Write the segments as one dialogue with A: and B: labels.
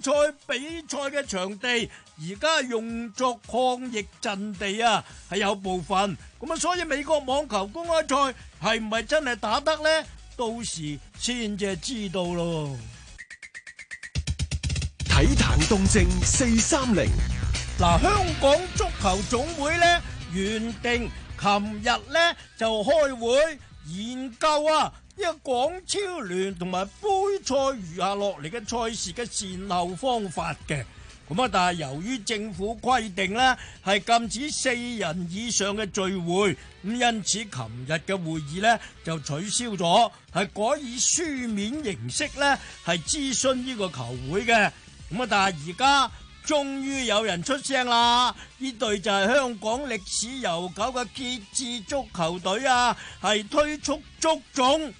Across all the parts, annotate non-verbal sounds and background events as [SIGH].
A: 賽比賽嘅場地而家用作抗疫陣地啊，係有部分咁啊，所以美國網球公開賽係唔係真係打得呢？到時先至知道咯。體壇動靜四三零，嗱，香港足球總會呢，原定琴日呢就開會研究啊。一個廣超聯同埋杯賽餘下落嚟嘅賽事嘅善後方法嘅，咁啊，但係由於政府規定呢係禁止四人以上嘅聚會，咁因此琴日嘅會議呢就取消咗，係改以書面形式呢係諮詢呢個球會嘅，咁啊，但係而家終於有人出聲啦，呢隊就係香港歷史悠久嘅傑志足球隊啊，係推出足總。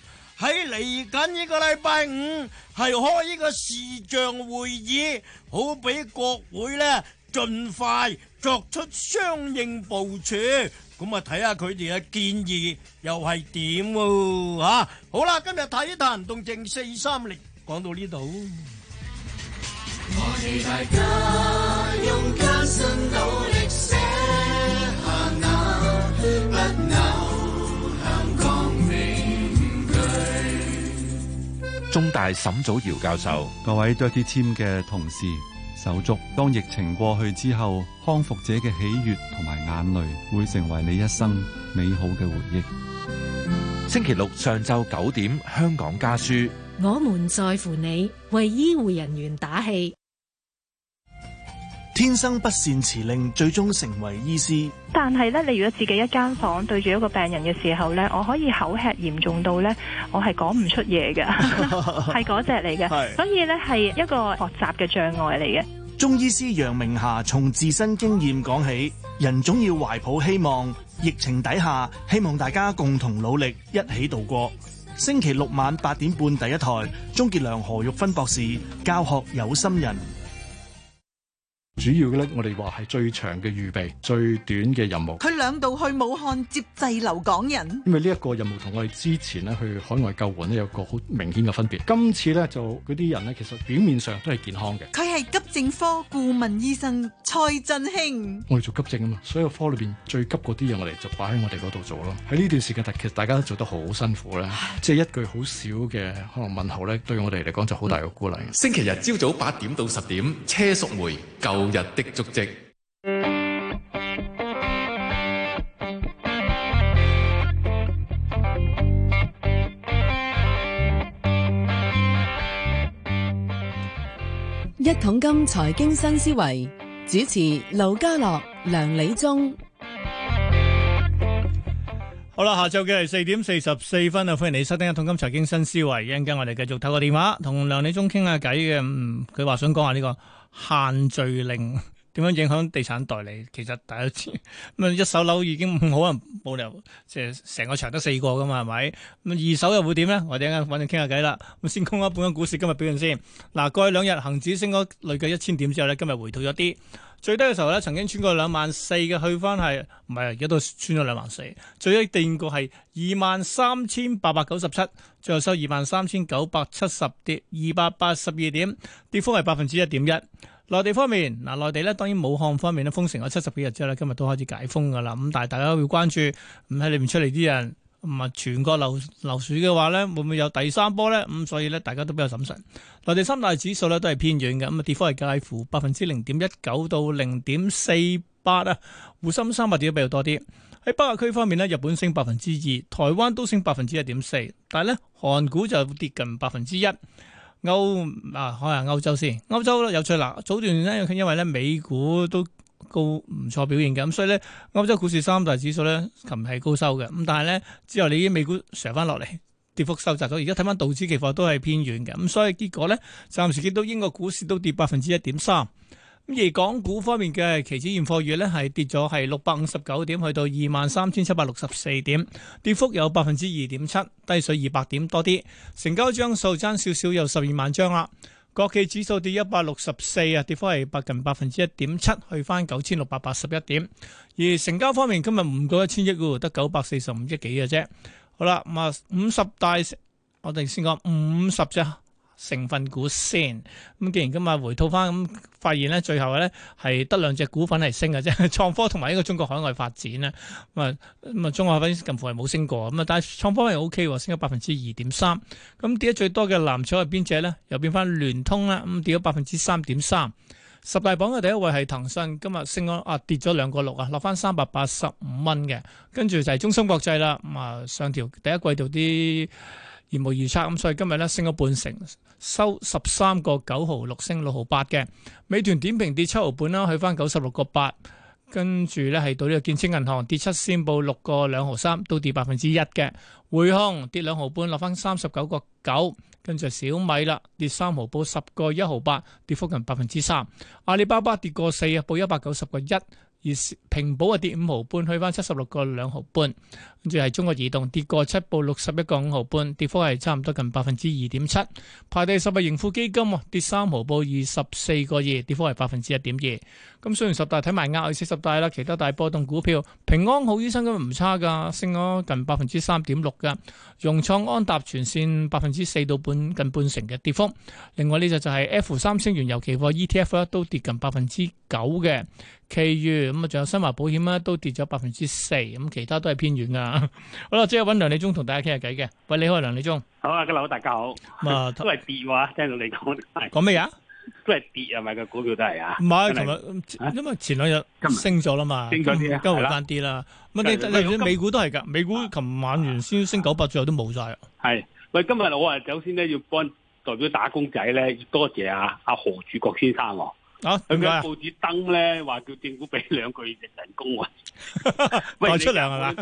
A: 喺嚟緊呢個禮拜五係開呢個視像會議，好俾國會呢盡快作出相應部署。咁啊睇下佢哋嘅建議又係點喎？吓、啊，好啦，今日睇《譚動靜四三零》，講到呢度。我大家用加
B: 中大沈祖堯教授，各位 Dirty Team
A: 嘅同事，手足，當疫情過去之後，康復者嘅喜悅同埋眼淚，會成為你一生美好嘅回憶。星期六上晝九點，香港家書，我們在乎你，為醫護人員打
C: 氣。天生不善辭令，最終成為醫師。
A: 但係咧，你如果自己一間房對住一個病人嘅時候咧，我可以口吃嚴重到咧，我係講唔出嘢嘅，係嗰隻嚟嘅。所以咧，係一個學習嘅障礙嚟嘅。
C: 中醫師楊明霞從自身經驗講起，人總要懷抱希望。疫情底下，希望大家共同努力，一起度過。
A: 星期六晚八點半第一台，鍾杰良、何玉芬博士教學有心人。主要嘅咧，我哋話係最長嘅預備，最短嘅任務。佢兩度去武漢接滯留港人，因為呢一個任務同我哋之前呢去海外救援呢，有個好明顯嘅分別。今次呢，就嗰啲人呢，其實表面上都係健康嘅。佢係急症科顧問醫生蔡振興，我哋做急症啊嘛，所有科裏邊最急嗰啲嘢，我哋就擺喺我哋嗰度做咯。喺呢段時間，其實大家都做得好辛苦啦。即 [LAUGHS] 係一句好少嘅可能問候咧，對我哋嚟講就好大嘅鼓勵。星期日朝、嗯、早八點到十點，車淑梅舊日的足跡。一桶金財經新思維，主持劉家樂、梁李忠。
C: 好啦，下晝嘅係四點四十四分啊！歡迎嚟收聽《一桶金財經新思維》，而家我哋繼續透過電話同梁李忠傾下偈嘅。佢、嗯、話想講下呢個限聚令點樣影響地產代理。其實大家知咁啊，一手樓已經好難保量，即係成個場得四個噶嘛，係咪？咁二手又會點呢？我哋一陣間揾你傾下偈啦。咁先講一講，本港股市今日表現先。嗱，過去兩日恒指升咗累計一千點之後呢，今日回吐咗啲。最低嘅時候咧，曾經穿過兩萬四嘅，去翻係唔係而家都穿咗兩萬四。最低定局係二萬三千八百九十七，最後收二萬三千九百七十，跌二百八十二點，跌幅係百分之一點一。內地方面，嗱，內地咧當然武漢方面咧封城咗七十幾日之後咧，今日都開始解封㗎啦。咁但係大家會關注，咁喺裏面出嚟啲人。唔係全國流流水嘅話咧，會唔會有第三波咧？咁所以咧，大家都比較審慎。內地三大指數咧都係偏軟嘅，咁啊跌幅係介乎百分之零點一九到零點四八啊。滬深三百跌得比較多啲。喺北亞區方面咧，日本升百分之二，台灣都升百分之一點四，但係咧韓股就跌近百分之一。歐啊，睇下歐洲先。歐洲有趣啦，早段咧因為咧美股都高唔錯表現嘅，咁所以呢，歐洲股市三大指數呢，琴係高收嘅，咁但係呢，之後你已經美股上翻落嚟，跌幅收窄咗，而家睇翻道指期貨都係偏軟嘅，咁所以結果呢，暫時見到英國股市都跌百分之一點三，咁而港股方面嘅期指現貨月呢，係跌咗係六百五十九點，去到二萬三千七百六十四點，跌幅有百分之二點七，低水二百點多啲，成交張數爭少少，有十二萬張啦。國企指數跌一百六十四啊，跌幅係接近百分之一點七，去翻九千六百八十一點。而成交方面今日唔到一千億喎，得九百四十五億幾嘅啫。好啦，咁啊五十大，我哋先講五十啫。成分股先，咁既然今日回吐翻，咁發現咧最後咧係得兩隻股份係升嘅啫，創科同埋呢個中國海外發展啦。咁啊咁啊，中國近乎係冇升過咁啊，但係創科係 O K 喎，升咗百分之二點三。咁跌得最多嘅藍籌係邊隻咧？又變翻聯通啦，咁跌咗百分之三點三。十大榜嘅第一位係騰訊，今日升咗啊跌咗兩個六啊，落翻三百八十五蚊嘅。跟住就係中芯國際啦，咁啊上調第一季度啲業務預測咁，所以今日咧升咗半成，收十三個九毫六，升六毫八嘅。美團點評跌七毫半啦，去翻九十六個八。跟住咧係到呢個建設銀行跌七先報六個兩毫三，都跌百分之一嘅。匯控跌兩毫半，落翻三十九個九。跟住小米啦，跌三毫報十個一毫八，跌幅近百分之三。阿里巴巴跌個四啊，報一百九十個一。而平保啊跌五毫半，去翻七十六個兩毫半。跟住係中國移動跌過七步六十一個五毫半，跌幅係差唔多近百分之二點七。排第十嘅盈富基金跌三毫報二十四個二，跌幅係百分之一點二。咁雖然十大睇埋亞細四十大啦，其他大波動股票平安好醫生咁唔差噶，升咗近百分之三點六噶。融創安踏全線百分之四到半近半成嘅跌幅。另外呢隻就係 F 三星原油期貨 ETF 都跌近百分之九嘅，其餘。咁啊，仲有新華保險啊，都跌咗百分之四，咁其他都係偏軟噶。 [LAUGHS] 好啦，即係揾梁利忠同大家傾下偈嘅。喂，你好，梁利忠。
B: 好啊，今日好，大家好。都係跌嘅話，聽到你講講咩啊？都係跌都是啊，咪個股票都係啊。唔係，同埋，因
C: 為前兩日升咗啦嘛，今日回回啲啦。
B: 咁啊，你你美
C: 股都係噶，美股琴晚原、啊、先升九百最後都冇晒係，
B: 喂，今日我係首先咧要幫代表打工仔咧，要多謝啊啊何柱國先生、啊。啊！佢嘅、啊、報紙登咧，話叫政府俾兩句人工啊！代出糧係嘛？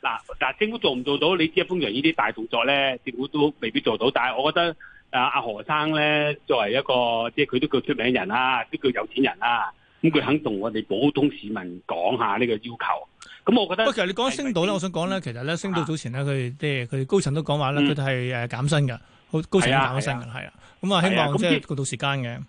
B: 嗱嗱， [LAUGHS] 政府做唔做到？你知封揚呢啲大動作咧，政府都未必做到。但係我覺得啊，阿何生咧作為一個即係佢都叫出名人啦，都叫有錢人啦，咁、嗯、佢、嗯、肯同我哋普通市民講一下呢個要求。
C: 咁我覺得不，不過其實你講升島咧，我想講咧，其實咧升島早前咧，佢即係佢高層都講話咧，佢哋係誒減薪嘅，好高層都減薪嘅，係、嗯、啊，咁啊、啊、嗯嗯，希望即係過到時間嘅。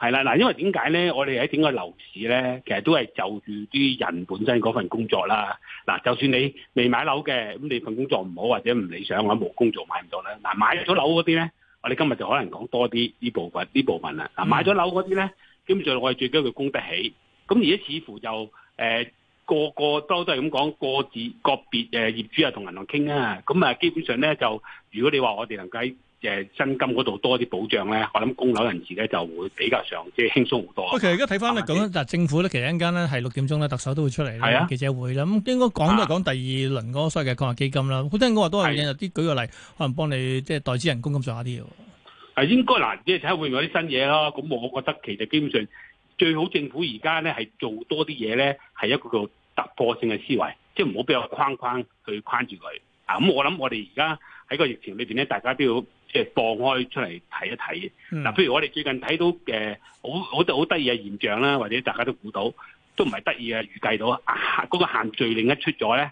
B: 係啦，嗱，因為點解咧？我哋喺整個樓市咧，其實都係就住啲人本身嗰份工作啦。嗱，就算你未買樓嘅，咁你份工作唔好或者唔理想，我冇工作買唔到啦。嗱，買咗樓嗰啲咧，我哋今日就可能講多啲呢部分呢、嗯、部分啦。嗱，買咗樓嗰啲咧，基本上我哋最緊要供得起。咁而家似乎就，誒、呃，個個都都係咁講，各自個別誒、呃、業主啊同銀行傾啊。咁啊，基本上咧就，如果你話我哋能夠，誒，薪金嗰度多啲保障咧，我諗供樓人士咧就會比較上即係、就是、輕鬆好多。其實而
C: 家睇翻咧講嗱，政府咧其實一間咧係六點鐘咧，特首都會出嚟啦、啊，記者會啦，咁應該講都係講第二輪嗰所謂嘅抗疫基金啦。好多人都話都係引入啲舉個例，可能幫你即係代資人工咁上下啲㗎。
B: 係、啊、應該嗱，即係睇下會唔會有啲新嘢咯？咁我覺得其實基本上最好政府而家咧係做多啲嘢咧，係一個叫突破性嘅思維，即係唔好俾個框框去框住佢。啊，咁、嗯、我諗我哋而家喺個疫情裏邊咧，大家都要。即係放開出嚟睇一睇，嗱、啊，譬如我哋最近睇到嘅好好好得意嘅現象啦，或者大家都估到，都唔係得意嘅預計到，嗰、啊，個限聚令一出咗咧。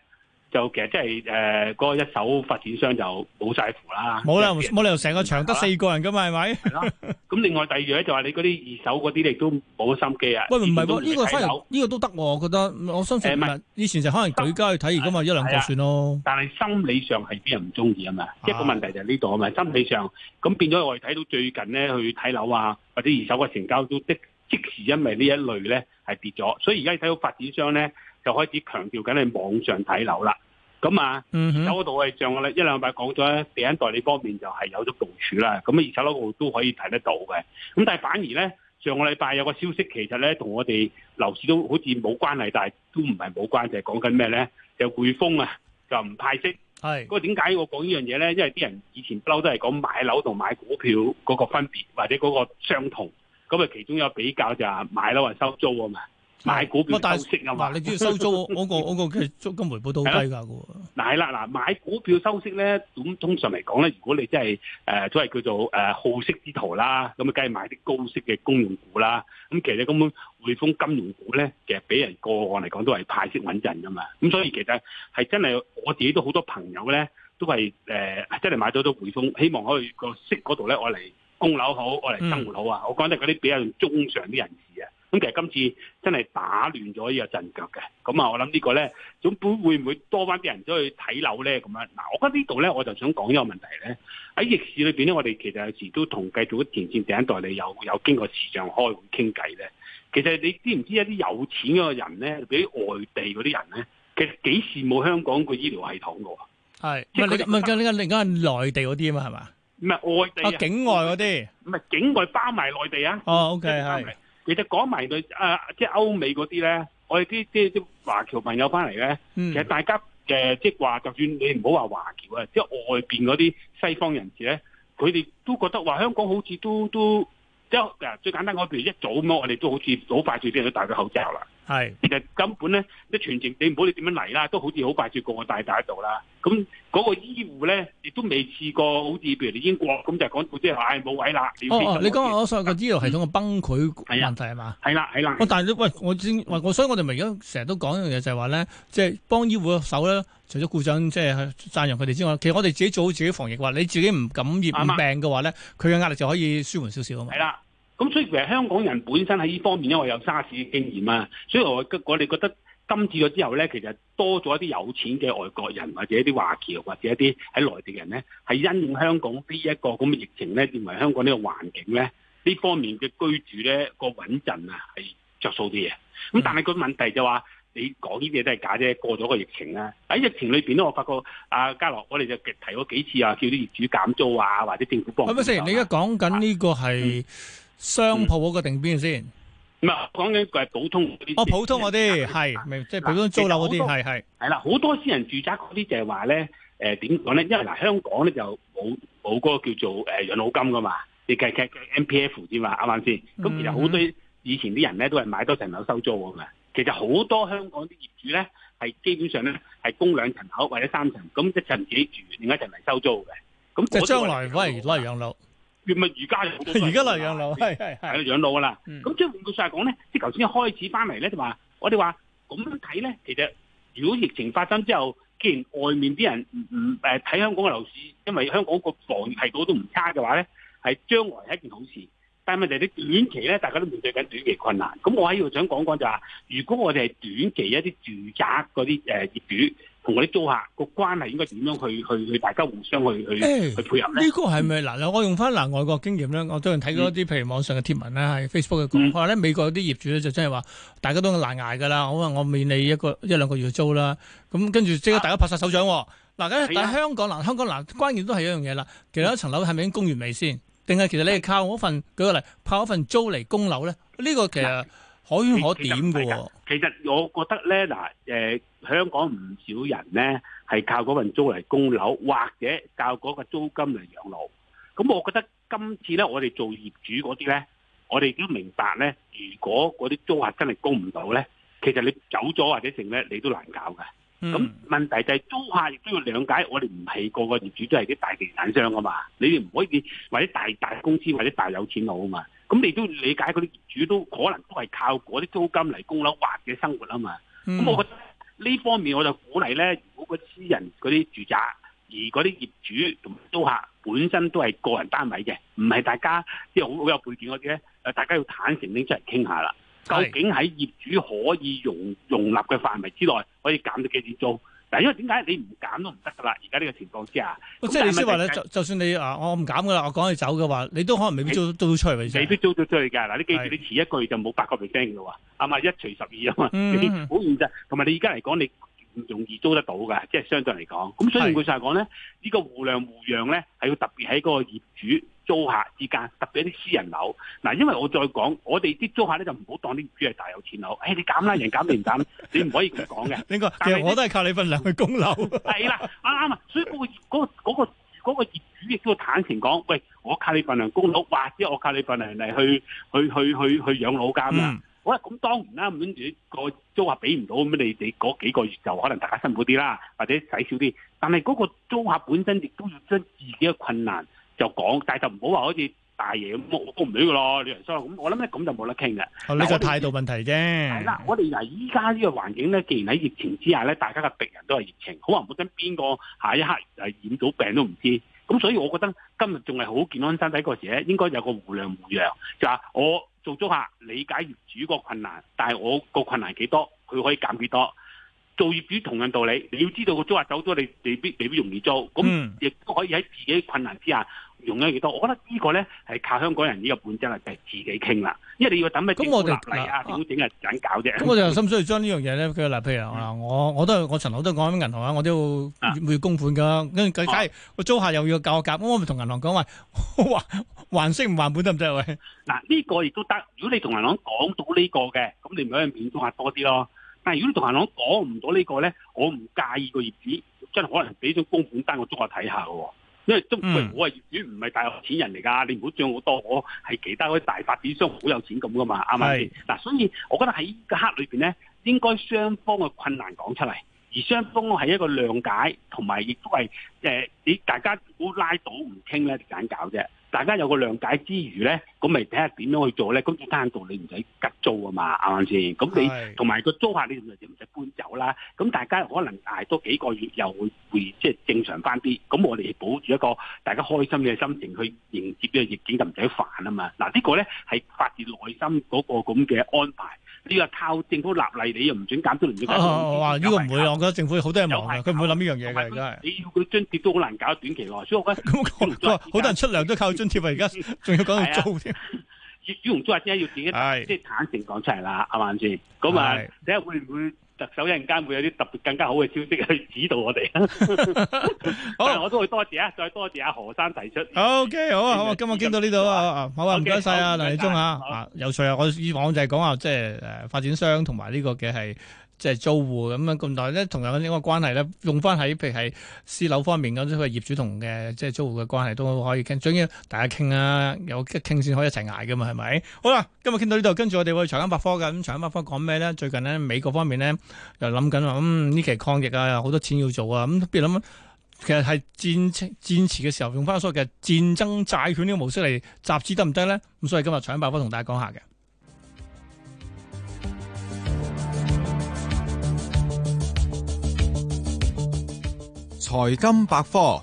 B: 就其實即係誒，嗰個一手發展商就冇曬符啦。
C: 冇啦，冇理由成個場得四個人噶嘛，係咪？係咯。
B: 咁另外第二咧，就話你嗰啲二手嗰啲，你都冇心機啊。喂，唔係喎，呢個反而呢
C: 個都得，我覺得我相信。以前就可能舉家去睇，而家咪一兩個算咯。
B: 但係心理上係邊人唔中意啊嘛？一個問題就係呢度啊嘛。心理上咁變咗，我哋睇到最近咧，去睇樓啊，或者二手嘅成交都即即時，因為呢一類咧係跌咗。所以而家睇到發展商咧，就開始強調緊你網上睇樓啦。咁啊，有嗰度係上個禮一兩拜講咗，地產代理方面就係有咗部署啦。咁啊，二手樓都可以睇得到嘅。咁但係反而咧，上個禮拜有個消息，其實咧同我哋樓市都好似冇關係，但係都唔係冇關係。講緊咩咧？就匯豐啊，就唔派息。係。咁啊？點解我講呢樣嘢咧？因為啲人以前不嬲都係講買樓同買股票嗰個分別，或者嗰個相同。咁啊，其中有比較就係買樓或收租啊嘛。買股，啊啊 [LAUGHS] 啊、買股票收息啊嘛，你只要收租，個個嘅租金回
C: 報都低噶。
B: 嗱係啦，嗱買股票收息咧，咁通常嚟講咧，如果你真係誒都係叫做誒好息之徒啦，咁啊梗係買啲高息嘅公用股啦。咁其實根本匯豐金融股咧，其實俾人個案嚟講都係派息穩陣噶嘛。咁所以其實係真係我自己都好多朋友咧，都係誒、呃、真係買咗都匯豐，希望可以個息嗰度咧，我嚟供樓好，我嚟生活好啊、嗯。我講得嗰啲比較中上啲人士啊。咁其實今次真係打亂咗呢個陣腳嘅，咁啊，我諗呢個咧，總會會唔會多翻啲人都去睇樓咧？咁樣，嗱，我覺得呢度咧，我就想講一個問題咧。喺逆市裏邊咧，我哋其實有時都同繼續啲前線第一代理有有經過市場開會傾偈咧。其實你知唔知道一啲有錢嘅人咧，比外地嗰啲人咧，其實幾羨慕香港個醫療系統嘅
C: 喎。係，唔係你唔係而家你而家內地嗰啲啊嘛係嘛？
B: 唔係外地，啊，境外嗰啲唔係境外包埋內地啊？哦，OK 係。係。其實講埋佢即係歐美嗰啲咧，我哋啲啲啲華僑朋友翻嚟咧，其實大家嘅即係話，就算你唔好話華僑啊，即係外邊嗰啲西方人士咧，佢哋都覺得話香港好似都都即係嗱，最簡單我譬如一早咁我哋都好似好快就變咗戴個口罩啦。係，其實根本咧，你全程你唔好，你點樣嚟啦，都好似好快就過大大度啦。咁、那、嗰個醫護咧，亦都未試過好似譬如你英國咁就講，即係唉冇位啦。你講
C: 話我、哦、我所有個、嗯、醫療系統嘅崩潰問題係嘛？係啦、啊，係啦、啊啊啊。但係你喂，我知，喂，我所以我哋咪而家成日都講一樣嘢，就係話咧，即係幫醫護嘅手咧，除咗鼓掌即係去讚揚佢哋之外，其實我哋自己做好自己防疫嘅話，
B: 你自己唔感染唔病
C: 嘅話咧，佢嘅壓力就可以舒緩少少啊嘛。
B: 係啦。咁所以其實香港人本身喺呢方面，因為有沙士嘅經驗啊，所以我我哋覺得今次咗之後咧，其實多咗一啲有錢嘅外國人，或者一啲華僑，或者一啲喺內地人咧，係因應香港呢一個咁嘅疫情咧，認為香港呢個環境咧，呢方面嘅居住咧個穩陣啊係着數啲嘢。咁但係個問題就話、是，你講呢啲嘢都係假啫。過咗個疫情啊，喺疫情裏邊咧，我發覺啊，嘉樂，我哋就提咗幾次啊，叫啲業主減租啊，或者政府幫、啊。咁唔係先，你而
C: 家講緊呢個係商鋪嗰個定
B: 邊先？唔、嗯、係，講緊佢係普通嗰啲。哦，普通嗰啲係，
C: 明，即係普通租樓嗰啲，係係。
B: 係啦，好多私人住宅嗰啲就係話咧，誒、呃，點講咧？因為嗱、呃，香港咧就冇冇嗰個叫做誒養、呃、老金噶嘛，你計計 M P F 啫嘛，啱唔啱先？咁、就是嗯、其實好多以前啲人咧都係買多層樓收租噶嘛。其實好多香港啲業主咧係基本上咧係供兩層樓或者三層，咁一層自己住，另一層嚟收租嘅。咁即我將來喂，可以攞嚟養老。越而家就而家嚟養老，係係係養老噶啦。咁即係換句説話講咧，即頭先開始翻嚟咧就話，我哋話咁樣睇咧，其實如果疫情發生之後，既然外面啲人唔唔誒睇香港嘅樓市，因為香港個房係度都唔差嘅話咧，係將來係一件好事。但係問題，你短期咧，大家都面對緊短期困難。咁我喺度想講講就話、是，如果我哋係短期一啲住宅嗰啲誒業主，同啲租客個關係應該點樣去
C: 去去大家互相去去、哎、去配合呢？呢、呢個係咪嗱？我用翻嗱外國經驗咧，我都係睇到一啲、嗯、譬如網上嘅貼文咧，係 Facebook 嘅講，佢話咧美國啲業主咧就真係話，大家都難捱噶啦，好啊，我免你一個一兩個月租啦。咁、嗯嗯、跟住即刻大家拍晒手掌、喔。嗱、啊啊，但香港嗱香港嗱，關鍵都係一樣嘢啦。其實一層樓係咪已經供完未先？定係其實你係靠嗰份、啊、舉個例，靠嗰份租嚟供樓咧？呢、這個其實可圈可點嘅、啊。其實我
B: 覺得咧，嗱、呃香港唔少人咧係靠嗰份租嚟供樓，或者靠嗰個租金嚟養老。咁我覺得今次咧，我哋做業主嗰啲咧，我哋都明白咧，如果嗰啲租客真係供唔到咧，其實你走咗或者成咧，你都難搞嘅。咁問題就係租客亦都要諒解，我哋唔係個個業主都係啲大地產商啊嘛，你哋唔可以或者大大公司或者大有錢佬啊嘛。咁你都理解嗰啲業主都可能都係靠嗰啲租金嚟供樓或者生活啊嘛。咁我。呢方面我就鼓勵呢，如果個私人嗰啲住宅，而嗰啲業主同租客本身都係個人單位嘅，唔係大家，即係好好有背景嗰啲呢，大家要坦誠啲出嚟傾下啦。究竟喺業主可以容容納嘅範圍之內，可以減到幾多租？但因為點解你唔減都唔得噶啦？而家呢個情況之下，即係、嗯、你先話咧，就
C: 就算你啊，我唔減噶啦，我趕你走嘅話，你都可能未必租到租到出去未必
B: 租到出去噶。嗱，你記住，你遲一個月就冇八個 percent 噶啦，啊嘛的的一除十二啊嘛，好、嗯、現實。同埋你而家嚟講，你唔容易租得到噶，即係相對嚟講。咁所以，老實講咧，呢個互諒互讓咧，係要特別喺嗰個業主。租客之間，特別啲私人樓，嗱，因為我再講，我哋啲租客咧就唔好當啲業主係大有錢佬，誒、哎，你減啦，人減唔減，贏不贏 [LAUGHS] 你唔可以咁講嘅。呢 [LAUGHS] 個其
C: 實我都係靠你份糧去供樓。
B: 係 [LAUGHS] 啦， [LAUGHS] 啱啱啊，所以嗰、嗰個嗰、嗰個嗰、嗰個、嗰個業、嗰個、主亦都要坦誠講，喂，我靠你份糧供樓，或者我靠你份糧嚟去去去去去養老金啊、嗯。好啦，咁當然啦，跟住個租客俾唔到咁，咁你哋嗰幾個月就可能大家辛苦啲啦，或者使少啲。但係嗰個租客本身亦都要將自己嘅困難。就講，但係就唔好話好似大爺咁，我理我唔理佢咯，你人衰。咁我諗咧，咁就冇得傾嘅，呢個態度問題啫。係啦，我哋嗱，依家呢個環境咧，既然喺疫情之下咧，大家嘅敵人都係疫情，好話唔好聽，邊個下一刻染到病都唔知。咁所以，我覺得今日仲係好健康身體嗰時咧，應該有個互諒互讓，就話、是、我做租客理解業主個困難，但係我個困難幾多，佢可以減幾多。做業主同樣道理，你要知道個租客走咗，你未必未必，必容易租。咁亦都可以喺自己困難之下。嗯用得越多，我覺得呢個咧係靠香港人呢個本質啦，就係、是、自己傾啦。因為你要等咩政策入嚟啊？點整啊？緊搞啫。咁我哋需
C: 唔需要將呢樣嘢咧？嗱，譬如啊，我就把這、嗯、我，我都我陳老都講緊銀行啊，我都要月供款噶、啊啊。跟住佢假如租客又要交押
B: 金，咁我咪同銀行講話，還息唔還本得唔得？喂、啊，嗱，呢個亦都得。如果你同銀行講到呢、這個嘅，咁你咪可以免租客多啲咯。但係如果你同銀行講唔到呢、這個咧，我唔介意個業主真係可能俾咗供款單我租客睇下嘅。因為都唔係，我係業主，唔係大有錢人嚟噶，你唔好將我多。我係其他嗰啲大發展商，好有錢咁噶嘛，啱唔啱嗱？所以我覺得喺呢個刻裏邊咧，應該雙方嘅困難講出嚟，而雙方係一個諒解，同埋亦都係誒、呃、你大家如果拉到唔傾咧，就盞搞啫。大家有個諒解之餘咧，咁咪睇下點樣去做咧？咁單度你唔使急租啊嘛，啱唔啱先？咁你同埋個租客你就唔使搬走啦。咁大家可能捱多幾個月又會即係正常返啲。咁我哋保住一個大家開心嘅心情去迎接呢個逆境，就唔使煩啊嘛。嗱，呢個咧係發自內心嗰個咁嘅安排。呢個靠政府立例，你又唔准減租唔要嘅。哇！呢、這個
C: 唔會、啊、我覺得政府好多人忙嘅，佢唔會諗呢樣嘢嘅
B: 真係。你要佢津貼都好難搞短期內，所以我覺
C: 得 [LAUGHS] 好多人出糧都靠津貼 [LAUGHS] [LAUGHS] 對啊！而家仲要講到租添，
B: 要唔租啊？即係要自己即係坦誠講出嚟啦，係咪先？咁 [LAUGHS] 啊，睇下會唔會。特首一陣間會有啲特別更加好嘅消息去指導我哋 [LAUGHS] 好。 [LAUGHS] 好，我都會多謝啊，再多謝阿何生提出。O、okay, K，好啊，好，見好好好 okay, 啊，今日傾到呢度啊，
C: 好啊，唔該晒啊，梁利忠啊，有趣啊，我以往就係講啊，即係誒發展商同埋呢個嘅係。即係租戶咁樣咁耐咧，同樣嗰啲個關係咧，用翻喺譬如係私樓方面咁，即係業主同嘅即係租戶嘅關係都可以傾，總之大家傾啊，有傾先可以一齊捱噶嘛，係咪？好啦，今日傾到呢度，跟住我哋會去財經百科嘅咁，財經、嗯、百科講咩咧？最近咧美國方面咧又諗緊嗯呢期抗疫啊，好多錢要做啊，咁不如諗其實係戰戰時嘅時候用翻所謂嘅戰爭債券呢個模式嚟集資得唔得咧？咁、嗯、所以今日財經百科同大家講下嘅。
A: 財金百科。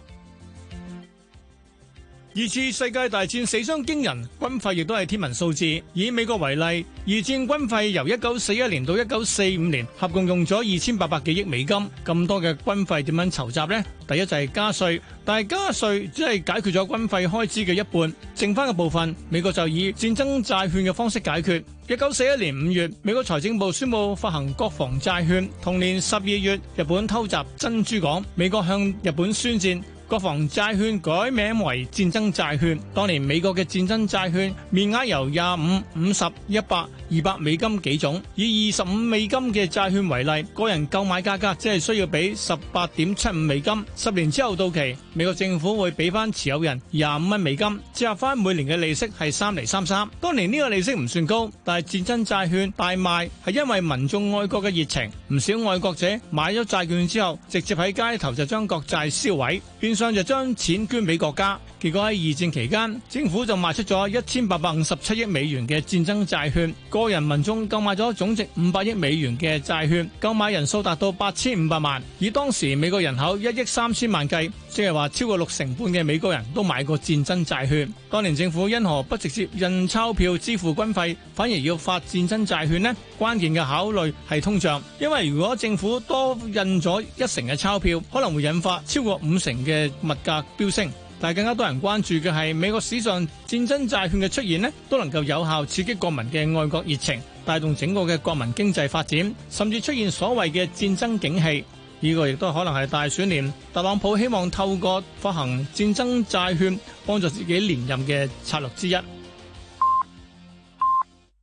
C: 二次世界大戰死傷驚人，軍費亦都係天文數字。以美國為例，二戰軍費由一九四一年到一九四五年合共用咗二千八百幾億美金。咁多嘅軍費點樣籌集呢？第一就係加稅，但係加稅只係解決咗軍費開支嘅一半，剩翻嘅部分，美國就以戰爭債券嘅方式解決。一九四一年五月，美國財政部宣布發行國防債券。同年十二月，日本偷襲珍珠港，美國向日本宣戰。國防債券改名為戰爭債券。當年美國嘅戰爭債券面額由廿五、五十、一百、二百美金幾種，以二十五美金嘅債券為例，個人購買價格只係需要俾十八點七五美金。十年之後到期，美國政府會俾翻持有人廿五蚊美金，折合翻每年嘅利息係三厘三三。當年呢個利息唔算高，但係戰爭債券大賣係因為民眾愛國嘅熱情，唔少愛國者買咗債券之後，直接喺街頭就將國債銷毀。上就將錢捐俾國家，結果喺二戰期間，政府就賣出咗一千八百五十七億美元嘅戰爭債券，個人民眾購買咗總值五百億美元嘅債券，購買人數達到八千五百萬，以當時美國人口一億三千萬計。即係話，超過六成半嘅美國人都買過戰爭債券。當年政府因何不直接印鈔票支付軍費，反而要發戰爭債券呢？關鍵嘅考慮係通脹，因為如果政府多印咗一成嘅鈔票，可能會引發超過五成嘅物價飆升。但更加多人關注嘅係美國史上戰爭債券嘅出現呢，都能夠有效刺激國民嘅愛國熱情，帶動整個嘅國民經濟發展，甚至出現所謂嘅戰爭景氣。呢、這個亦都可能係大選年，特朗普希望透過發行戰爭債券幫助自己連任嘅策略之一。